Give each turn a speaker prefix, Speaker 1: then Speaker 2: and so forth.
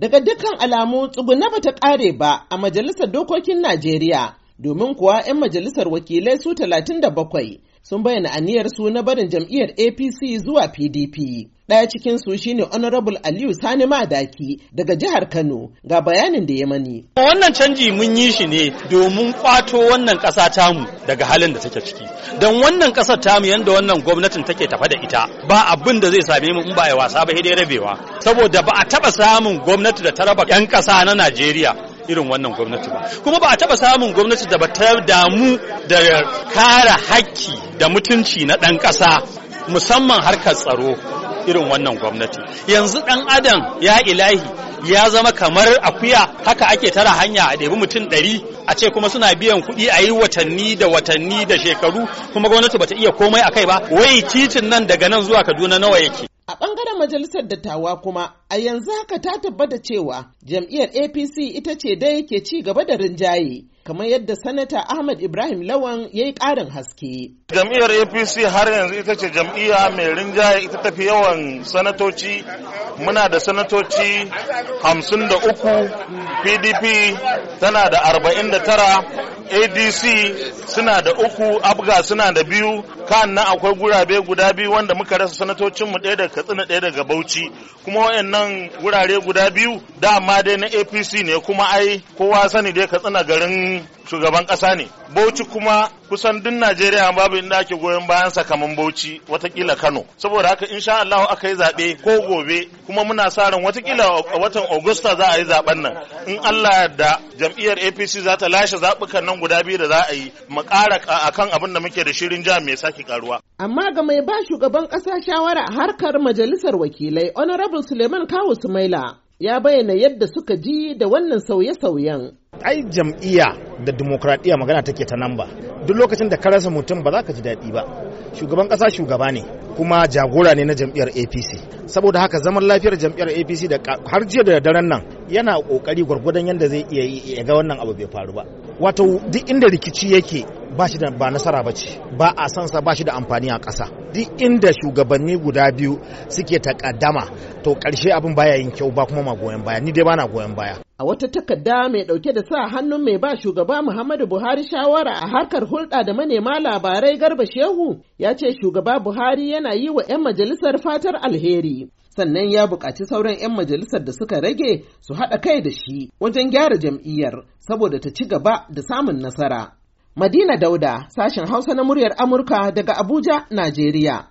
Speaker 1: Daga dukkan alamu tsuguna ba ta ƙare ba a Majalisar Dokokin Najeriya domin kuwa 'yan majalisar wakilai su 37 sun bayyana aniyarsu na barin jam'iyyar apc zuwa pdp ɗaya su shine honorable aliyu sani madaki daga jihar kano ga bayanin da ya mani
Speaker 2: wannan canji mun yi shi ne domin kwato wannan ƙasa tamu daga halin da take ciki don wannan ƙasar tamu yadda wannan gwamnatin take tafa da ita ba abin da zai same mu in ba ya wasa ba dai rabewa saboda ba a taɓa samun gwamnati da ta raba 'yan ƙasa na najeriya irin wannan gwamnati ba kuma ba a taba samun gwamnati da ba ta damu da kare haƙƙi da mutunci na ɗan ƙasa musamman harkar tsaro irin wannan gwamnati yanzu ɗan adam ya ilahi ya zama kamar akuya haka ake tara hanya a ɗebi mutum ɗari a ce kuma suna biyan kuɗi a yi watanni da watanni da shekaru kuma gwamnati bata iya komai a kai ba wai titin nan daga nan zuwa kaduna nawa yake
Speaker 1: Bangaren majalisar dattawa kuma a yanzu haka ta tabbata cewa jam'iyyar APC ita ce dai ke ci gaba da rinjaye kamar yadda sanata Ahmad Ibrahim Lawan ya yi ƙarin
Speaker 3: haske. Jam'iyyar APC har yanzu ita ce jam'iyya mai rinjaye ita tafi yawan sanatoci muna da sanatoci hamsin PDP tana da arba'in tara adc suna da uku abga suna da biyu kan nan akwai gurabe guda biyu wanda muka rasa sanatocinmu ɗaya daga katsina ɗaya daga bauchi kuma wayannan gurare guda biyu dama dai na apc ne kuma ai kowa sani dai katsina garin shugaban ƙasa ne bauchi kuma kusan duk najeriya babu inda ake goyon bayan sakamin bauchi watakila kano saboda haka insha allahu aka yi zaɓe ko gobe kuma muna sa ran watakila a watan Agusta za a yi zaɓen nan in allah yarda jam'iyyar apc za ta lashe zaɓukan nan guda biyu da za a yi mu ƙara akan abin da muke da shirin jami mai sake karuwa
Speaker 1: amma ga mai ba shugaban ƙasa shawara harkar majalisar wakilai honorable suleiman kawu sumaila ya bayyana yadda suka ji da wannan sauye-sauyen ai jam'iyya da demokradiyya magana
Speaker 4: take ta nan ba duk lokacin da ka rasa mutum ba za ka ji daɗi ba shugaban ƙasa shugaba ne kuma jagora ne na jam'iyyar apc saboda haka zaman lafiyar jam'iyyar apc da har jiya da daren nan yana ƙoƙari gwargwadon yadda zai iya ga wannan abu bai faru ba wato duk inda rikici yake ba shi da ba nasara ba ce ba a san sa ba shi da amfani a ƙasa duk inda shugabanni guda biyu suke takaddama to ƙarshe abin baya yin kyau ba kuma ma goyon baya ni dai ba na goyon baya
Speaker 1: a wata takarda mai ɗauke da sa hannun mai ba shugaba Muhammadu Buhari shawara a harkar hulɗa da manema labarai Garba Shehu ya ce shugaba Buhari yana yi wa 'yan majalisar fatar alheri. Sannan ya buƙaci sauran 'yan majalisar da suka rage su haɗa kai da shi wajen gyara jam'iyyar saboda ta ci gaba da samun nasara. Madina Dauda, sashen Hausa na muryar Amurka daga Abuja, Najeriya.